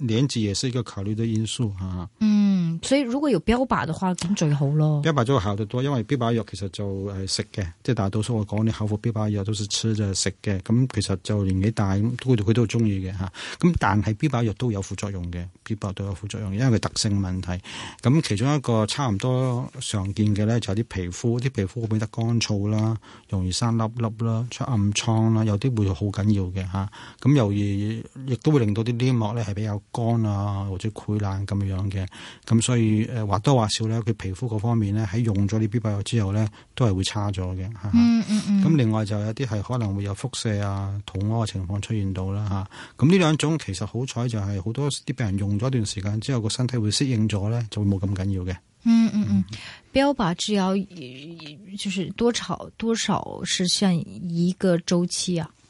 年紀也是一個考慮的因素吓，嗯，所以如果有標靶嘅話，咁最好咯。標靶就好得多，因為標靶藥其實就係食嘅，即係大多數我講啲口服標靶藥，都是吃就係食嘅。咁其實就年紀大咁，佢佢都中意嘅吓。咁但係標靶藥都有副作用嘅，標靶都有副作用，因為佢特性問題。咁其中一個差唔多常見嘅咧，就係啲皮膚，啲皮膚會變得乾燥啦，容易生粒粒啦，出暗瘡啦，有啲會好緊要嘅吓。咁由於亦都會令到啲黏膜咧係比較。乾啊，或者潰爛咁樣嘅，咁所以誒、呃、或多或少咧，佢皮膚嗰方面咧，喺用咗呢標靶藥之後咧，都係會差咗嘅嚇嚇。咁、嗯嗯啊、另外就有啲係可能會有腹瀉啊、肚屙嘅情況出現到啦嚇。咁、啊、呢兩種其實好彩就係好多啲病人用咗一段時間之後，個身體會適應咗咧，就會冇咁緊要嘅、嗯。嗯嗯嗯，標靶治療就係多少多少是算一個周期啊？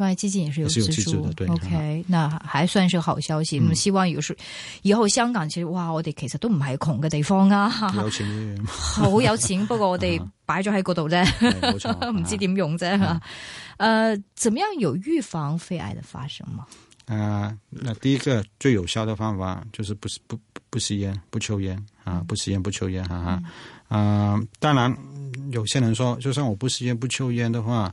外資基金也是有資助，對，O Okay , K，、嗯、那還算是好消息。希望有時以後香港其實，哇，我哋其實都唔係窮嘅地方啊，有錢好有錢， 不過我哋擺咗喺嗰度啫，唔、嗯、 知點用啫。誒、嗯啊，怎麼樣有預防肺癌的發生嘛？啊、呃，那第一個最有效嘅方法就是不吸不不吸煙，不抽煙啊，不吸煙不抽煙啊。啊，嗯啊呃、當然有些人說，就算我不吸煙不抽煙嘅話。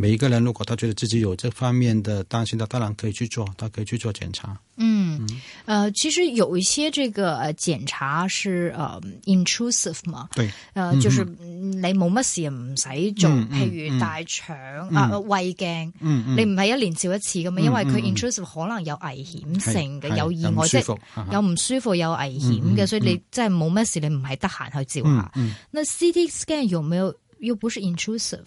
每一個人如果他覺得自己有這方面的擔心，他當然可以去做，他可以去做檢查。嗯，呃，其實有一些這個檢查是誒 intrusive 嘛，對，誒，就是你冇乜事唔使做，譬如大腸啊胃鏡，你唔係一年照一次㗎嘛，因為佢 intrusive 可能有危險性嘅，有意外性，有唔舒服，有危險嘅，所以你真係冇乜事，你唔係得閒去照下。那 CT scan 有沒有又不是 intrusive？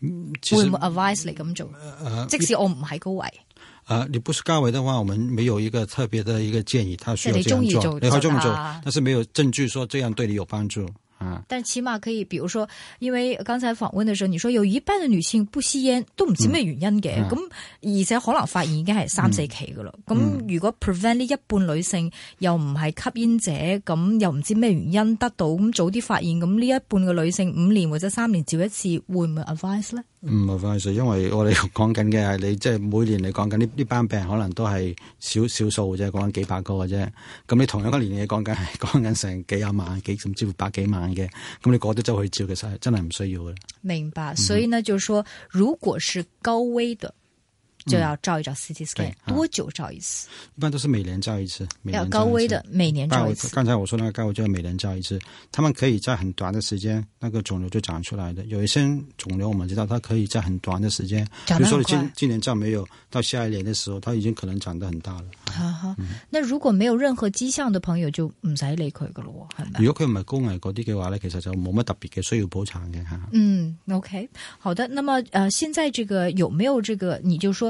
會唔會 advise 你咁做？呃、即使我唔係高位、呃，你不是高位的話，我們沒有一個特別的一個建議。他需要你中意做，你這麼做，做、啊、做，但是沒有證據說這樣對你有幫助。但起碼可以，比如說，因為剛才訪問嘅時候，你說有一半嘅女性不吸煙，都唔知咩原因嘅。咁、嗯嗯、而且可能發現已經係三、四期噶啦。咁、嗯、如果 prevent 呢一半女性又唔係吸煙者，咁又唔知咩原因得到，咁早啲發現，咁呢一半嘅女性五年或者三年照一次，會唔會 advice 咧？唔 advise 因為我哋講緊嘅係你即係每年你講緊呢呢班病人可能都係少少數啫，講緊幾百個嘅啫。咁你同一個年齡講緊，講緊成幾廿萬，幾甚至乎百幾萬。咁你照係真係唔需要嘅。明白，所以呢，就是說，如果是高危的。就要照一照 CT scan，嗯、多久照一次？啊、一般都是每年照一次。要高危的每年照一次。剛才我說那個高危就要每年照一次，他們可以在很短的時間，那個腫瘤就長出來的。有一些腫瘤我們知道，它可以在很短的時間，長比如說你今今年照沒有，到下一年的時候，它已經可能長得很大了。好好、啊，哈，嗯、那如果沒有任何跡象的朋友，就唔使理佢個咯，如果佢唔係高危嗰啲話咧，其實就冇乜特別嘅需要補償嘅吓。嗯，OK，好的。那麼呃，現在這個有沒有這個？你就說。